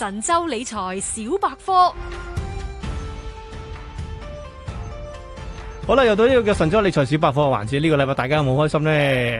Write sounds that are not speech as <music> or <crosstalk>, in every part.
神州理財小百科。好啦，又到呢、這個叫神州理財小百科嘅環節，呢個禮拜大家有冇開心呢？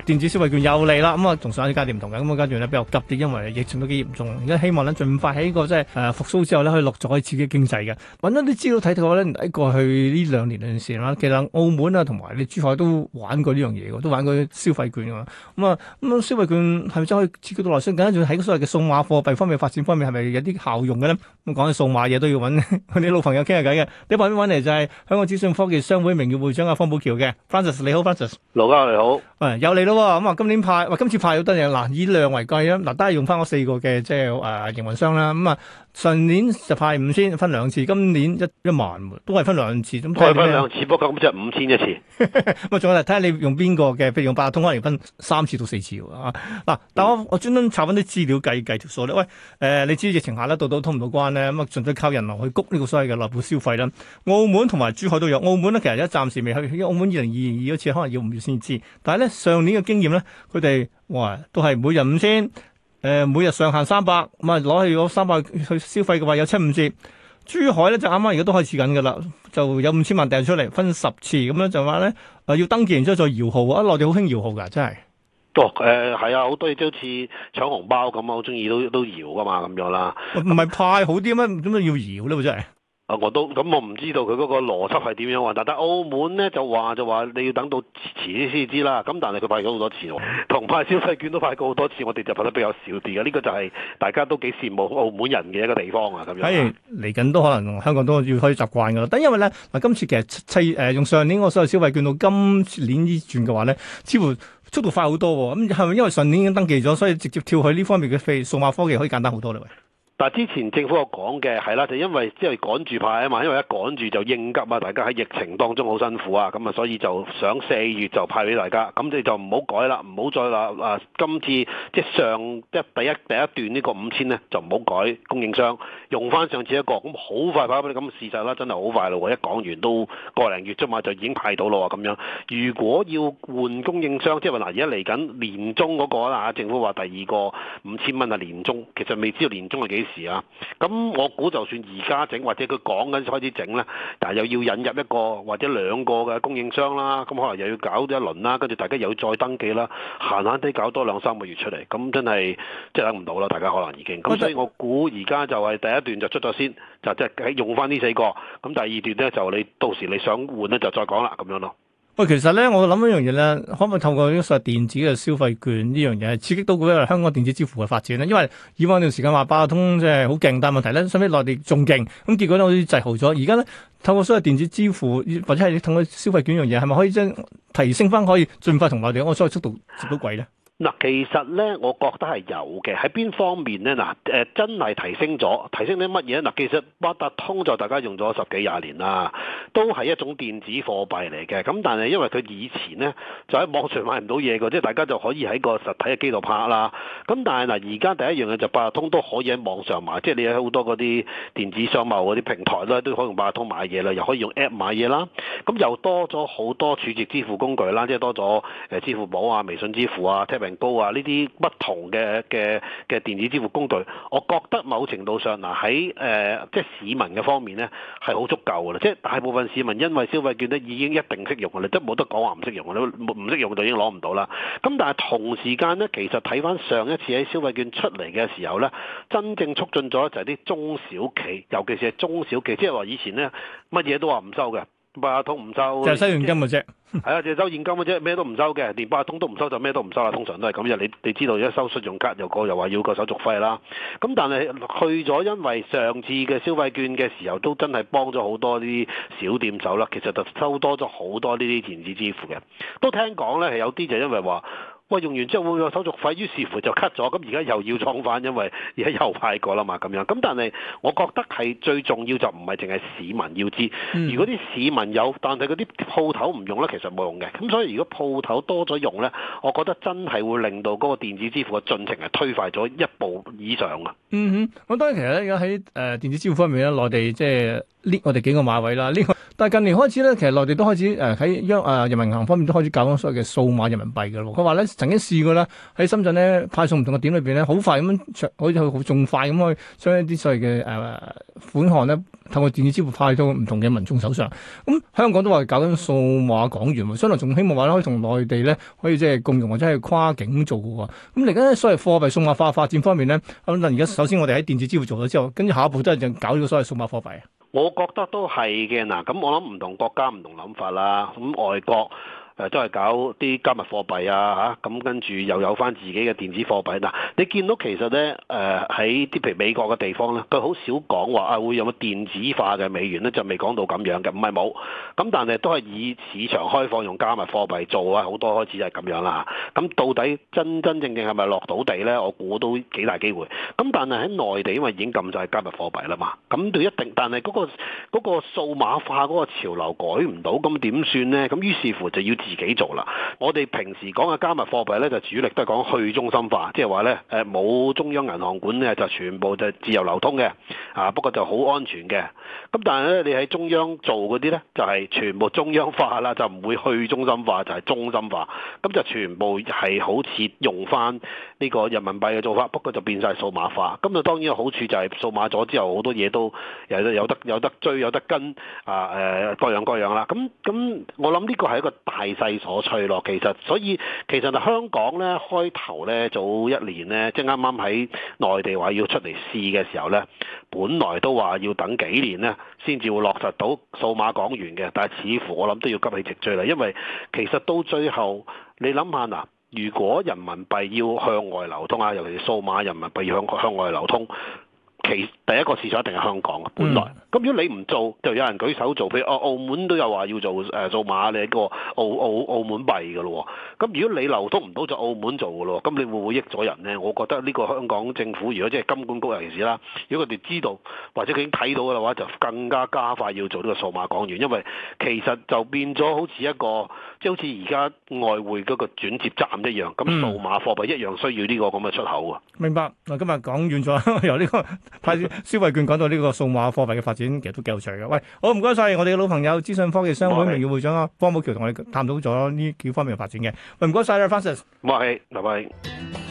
電子消費券又嚟啦，咁、嗯、啊，仲上一階段唔同嘅，咁啊跟住咧比較急啲，因為疫情都幾嚴重，而家希望呢，盡快喺呢個即係誒復甦之後呢，可以落再刺激經濟嘅。揾咗啲資料睇睇咧，喺過去呢兩年嗰陣時啊，其實澳門啊同埋啲珠海都玩過呢樣嘢都玩過消費券啊嘛，咁啊咁消費券係咪真係可以刺激到內需？緊仲喺所謂嘅數碼貨幣方面發展方面係咪有啲效用嘅呢？咁、嗯、講起數碼嘢都要揾啲 <laughs> 老朋友傾下偈嘅。你旁邊揾嚟就係、是、香港資訊科技商會名會長阿方保僑嘅 Francis，你好，Francis，老家你好，喂、嗯，有你咯咁啊！今年派，喂，今次派有得嘢，嗱以量為計啦，嗱，都係用翻嗰四個嘅即係誒營運商啦。咁、嗯、啊，上年就派五千，分兩次，今年一一萬，都係分兩次。咁、嗯、係分兩次，不過咁即係五千一次。咁啊，仲有睇下你用邊個嘅？譬如用八達通可能分三次到四次喎。嗱、啊，但我、嗯、我專登查翻啲資料計計條數咧。喂，誒、呃，你知疫情下咧，到到通唔到關咧，咁、嗯、啊，純粹靠人流去谷呢個所謂嘅內部消費啦。澳門同埋珠海都有澳門咧，其實一站。未喺，因為澳門二零二二嗰次可能要五月先知，但係咧上年嘅經驗咧，佢哋話都係每人五千，誒、呃、每日上限三百、嗯，咁啊攞去咗三百去消費嘅話有七五折。珠海咧就啱啱而家都開始緊嘅啦，就有五千萬掟出嚟，分十次咁樣、嗯、就話咧誒要登記完之後再搖號啊！內地好興搖號噶，真係。哦，誒、呃、係啊，好多嘢都好似搶紅包咁啊，好中意都都搖噶嘛，咁樣啦。唔係派好啲咩？點解要搖咧、啊？真係？啊、我都咁，我唔知道佢嗰個邏輯係點樣喎。但係澳門咧就話就話你要等到遲啲先知啦。咁但係佢派咗好多次喎，同派消費券都派過好多次。我哋就派得比較少啲嘅。呢、這個就係大家都幾羨慕澳門人嘅一個地方啊。咁樣，係嚟緊都可能香港都要可以習慣㗎喇。但因為咧嗱，今次其實妻誒、呃、用上年嗰個所謂消費券到今年轉呢轉嘅話咧，似乎速度快好多喎、啊。咁係咪因為上年已經登記咗，所以直接跳去呢方面嘅飛數碼科技可以簡單好多、啊、喂。但之前政府有講嘅係啦，就因為即係趕住派啊嘛，因為一趕住就應急啊，大家喺疫情當中好辛苦啊，咁啊所以就想四月就派俾大家，咁你就唔好改啦，唔好再話啊今次即係上即係第一第一段呢個五千呢，就唔好改供應商，用翻上次一個，咁好快派俾你，咁事實啦，真係好快咯，一講完都個零月啫嘛，就已經派到咯喎咁樣。如果要換供應商，即係話嗱，而家嚟緊年中嗰個啦，政府話第二個五千蚊係年中，其實未知道年中係幾時？時啊，咁我估就算而家整或者佢講緊開始整呢，但係又要引入一個或者兩個嘅供應商啦，咁可能又要搞一輪啦，跟住大家又要再登記啦，閒閒哋搞多兩三個月出嚟，咁真係即係等唔到啦，大家可能已經咁，所以我估而家就係第一段就出咗先，就即係用返呢四個，咁第二段呢，就你到時你想換呢，就再講啦，咁樣咯。喂，其實咧，我諗一樣嘢咧，可唔可以透過呢個所謂電子嘅消費券呢樣嘢，刺激到嗰個香港電子支付嘅發展呢？因為以往段時間話八達通即係好勁，但係問題咧，相比內地仲勁，咁結果咧，好似滯後咗。而家咧，透過所謂電子支付或者係你透過消費券呢樣嘢，係咪可以將提升翻，可以盡快同內地我所謂速度接到軌咧？嗱，其實咧，我覺得係有嘅，喺邊方面咧？嗱，誒，真係提升咗，提升啲乜嘢？嗱，其實八達通就大家用咗十幾廿年啦，都係一種電子貨幣嚟嘅。咁但係因為佢以前咧，就喺網上買唔到嘢嘅，即係大家就可以喺個實體嘅機度拍啦。咁但係嗱，而家第一樣嘢就八達通都可以喺網上買，即係你喺好多嗰啲電子商貿嗰啲平台咧，都可以用八達通買嘢啦，又可以用 App 買嘢啦。咁又多咗好多儲值支付工具啦，即係多咗誒支付寶啊、微信支付啊、高啊！呢啲不同嘅嘅嘅電子支付工具，我覺得某程度上嗱喺誒即係市民嘅方面咧，係好足夠㗎啦，即係大部分市民因為消費券咧已經一定識用㗎啦，即係冇得講話唔識用㗎啦，唔識用就已經攞唔到啦。咁但係同時間咧，其實睇翻上一次喺消費券出嚟嘅時候咧，真正促進咗就係啲中小企，尤其是係中小企，即係話以前咧乜嘢都話唔收嘅。八達通唔收，就係收現金嘅啫。係啊，就係收現金嘅啫，咩都唔收嘅，連八達通都唔收就咩都唔收啦。通常都係咁樣，你你知道而家收信用卡又過又話要個手續費啦。咁但係去咗，因為上次嘅消費券嘅時候都真係幫咗好多啲小店手啦。其實就收多咗好多呢啲電子支付嘅，都聽講咧係有啲就因為話。喂，用完之後會有手續費，於是乎就 cut 咗。咁而家又要創返，因為而家又派過啦嘛，咁樣。咁但係，我覺得係最重要就唔係淨係市民要知。嗯、如果啲市民有，但係嗰啲鋪頭唔用咧，其實冇用嘅。咁所以，如果鋪頭多咗用咧，我覺得真係會令到嗰個電子支付嘅進程係推快咗一步以上啊。嗯哼，咁當然其實咧，而家喺誒電子支付方面咧，內地即係呢，我哋、就是、幾個馬位啦，呢、這個。但係近年開始咧，其實內地都開始誒喺央誒人民銀行方面都開始搞緊所謂嘅數碼人民幣嘅咯。佢話咧曾經試過咧喺深圳咧派送唔同嘅點裏邊咧，好快咁樣好似好仲快咁去將一啲所謂嘅誒、呃、款項咧透過電子支付派到唔同嘅民眾手上。咁、嗯、香港都話搞緊數碼港元，所以嚟仲希望話可以同內地咧可以即係共融或者係跨境做嘅喎。咁嚟緊所謂貨幣數碼化發展方面咧，咁嗱而家首先我哋喺電子支付做咗之後，跟住下一步真係就搞呢個所謂數碼貨幣啊。我覺得都係嘅，嗱，咁我諗唔同國家唔同諗法啦，咁外國。都係搞啲加密貨幣啊嚇，咁、啊、跟住又有翻自己嘅電子貨幣嗱、啊，你見到其實咧誒喺啲譬如美國嘅地方咧，佢好少講話啊會有個電子化嘅美元咧，就未講到咁樣嘅，唔係冇，咁但係都係以市場開放用加密貨幣做啊，好多開始就係咁樣啦。咁、啊、到底真真正正係咪落到地咧？我估都幾大機會。咁但係喺內地，因為已經禁曬加密貨幣啦嘛，咁就一定，但係嗰、嗰個嗰、嗰個數碼化嗰個潮流改唔到，咁點算咧？咁於是乎就要自自己做啦。我哋平時講嘅加密貨幣咧，就主力都係講去中心化，即係話咧，誒冇中央銀行管咧，就全部就自由流通嘅，啊不過就好安全嘅。咁但係咧，你喺中央做嗰啲咧，就係全部中央化啦，就唔會去中心化，就係中心化，咁就全部係好似用翻呢個人民幣嘅做法，不過就變晒數碼化，咁就當然有好處，就係數碼咗之後，好多嘢都有得有得追有得跟啊，誒、呃、各樣各樣啦，咁咁我諗呢個係一個大勢所趨咯，其實所以其實香港呢，開頭呢，早一年呢，即係啱啱喺內地話要出嚟試嘅時候呢，本來都話要等幾年呢先至會落實到數碼港元嘅，但係似乎我諗都要急起直追啦，因為其實到最後你諗下嗱。呃如果人民幣要向外流通啊，尤其是數碼人民幣要向向外流通，其第一個市場一定係香港嘅，本來。咁、嗯、如果你唔做，就有人舉手做，譬如澳、哦、澳門都有話要做誒數碼呢個澳澳澳門幣嘅咯。咁如果你流通唔到，就澳門做嘅咯。咁你會唔會益咗人呢？我覺得呢個香港政府如果即係金管局尤其是啦，如果佢哋知道或者佢已經睇到嘅話，就更加加快要做呢個數碼港元，因為其實就變咗好似一個。即係好似而家外匯嗰個轉接站一樣，咁數碼貨幣一樣需要呢個咁嘅出口啊、嗯。明白。嗱，今日講完咗，由呢個派消費券講到呢個數碼貨幣嘅發展，其實都幾有趣嘅。喂，好唔該晒，謝謝我哋嘅老朋友資訊科技商會榮譽會長啊，方保僑同我哋探討咗呢幾方面嘅發展嘅。喂，唔該曬，Francis。唔係，拜拜。